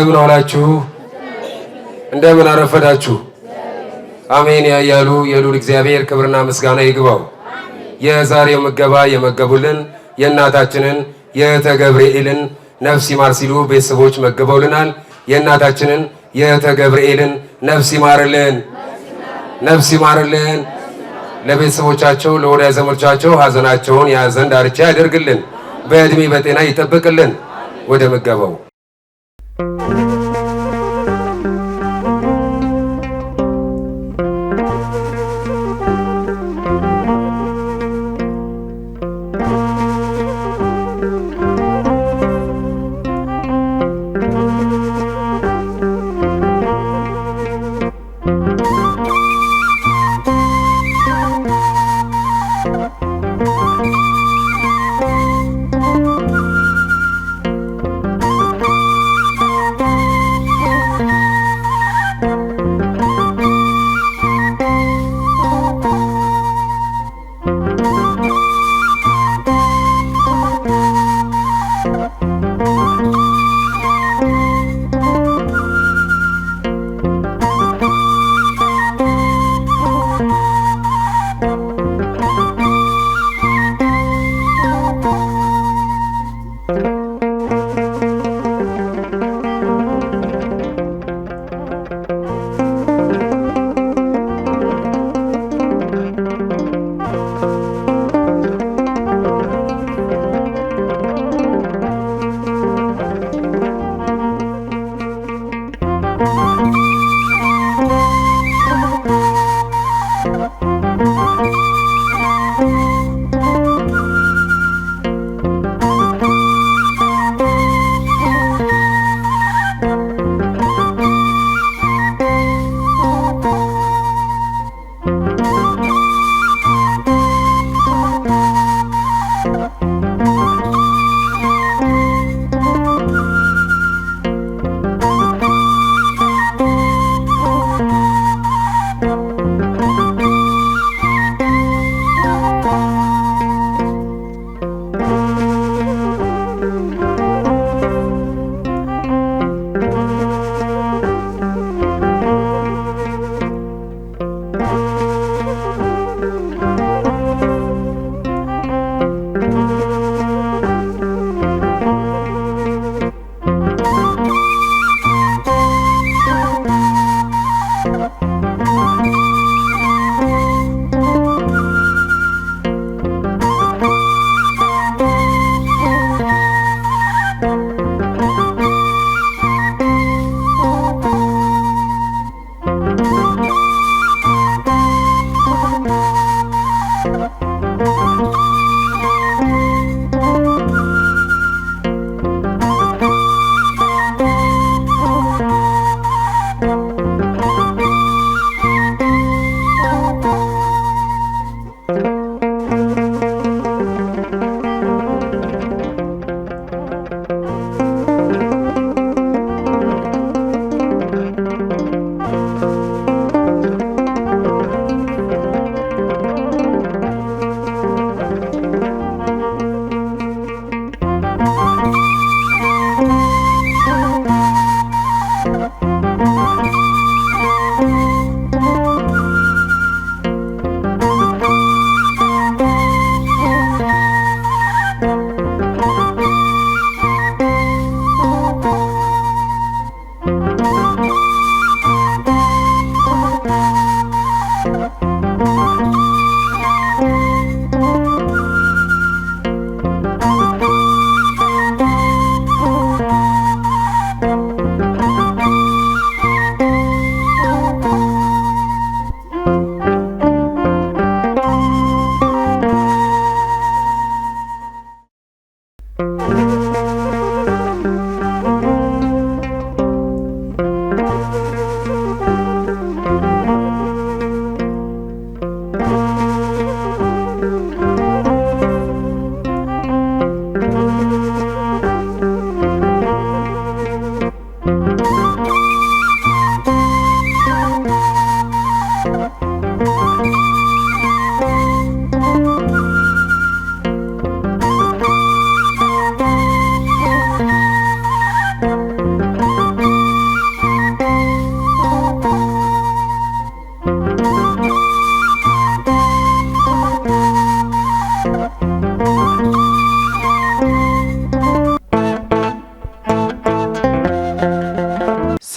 እንደምን አውላችሁ፣ እንደምን አረፈዳችሁ። አሜን ያያሉ የሉል እግዚአብሔር ክብርና ምስጋና ይግባው። የዛሬው ምገባ የመገቡልን የእናታችንን የእህተ ገብርኤልን ነፍስ ይማር ሲሉ ቤተሰቦች መገበውልናል። የእናታችንን የእህተ ገብርኤልን ነፍስ ይማርልን፣ ነፍስ ይማርልን። ለቤተሰቦቻቸው ለወዳጅ ዘመዶቻቸው ሀዘናቸውን ያዘን ዳርቻ ያደርግልን፣ በእድሜ በጤና ይጠብቅልን። ወደ ምገባው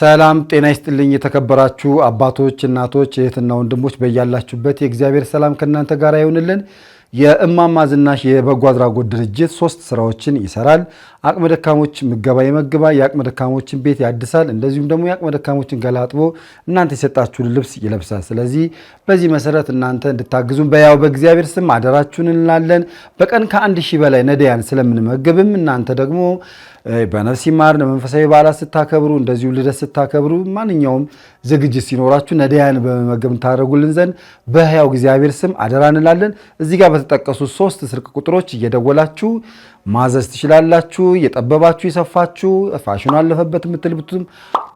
ሰላም ጤና ይስጥልኝ። የተከበራችሁ አባቶች፣ እናቶች፣ እህትና ወንድሞች በያላችሁበት የእግዚአብሔር ሰላም ከእናንተ ጋር ይሆንልን። የእማማ ዝናሽ የበጎ አድራጎት ድርጅት ሶስት ስራዎችን ይሰራል። አቅመ ደካሞች ምገባ ይመግባል። የአቅመ ደካሞችን ቤት ያድሳል። እንደዚሁም ደግሞ የአቅመ ደካሞችን ገላጥቦ እናንተ የሰጣችሁን ልብስ ይለብሳል። ስለዚህ በዚህ መሰረት እናንተ እንድታግዙን በያው በእግዚአብሔር ስም አደራችሁን እንላለን። በቀን ከአንድ ሺህ በላይ ነዳያን ስለምንመግብም እናንተ ደግሞ በነፍስ ይማር መንፈሳዊ በዓላት ስታከብሩ፣ እንደዚሁ ልደት ስታከብሩ፣ ማንኛውም ዝግጅት ሲኖራችሁ ነዳያን በመመገብ እንታደረጉልን ዘንድ በህያው እግዚአብሔር ስም አደራ እንላለን። እዚህ ጋር በተጠቀሱ ሶስት ስልክ ቁጥሮች እየደወላችሁ ማዘዝ ትችላላችሁ። እየጠበባችሁ የሰፋችሁ ፋሽኑ አለፈበት የምትልብቱም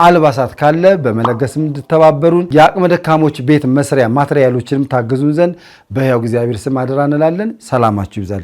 አልባሳት ካለ በመለገስ እንድተባበሩን የአቅመ ደካሞች ቤት መስሪያ ማትሪያሎችንም ታግዙን ዘንድ በሕያው እግዚአብሔር ስም አደራ እንላለን። ሰላማችሁ ይብዛል።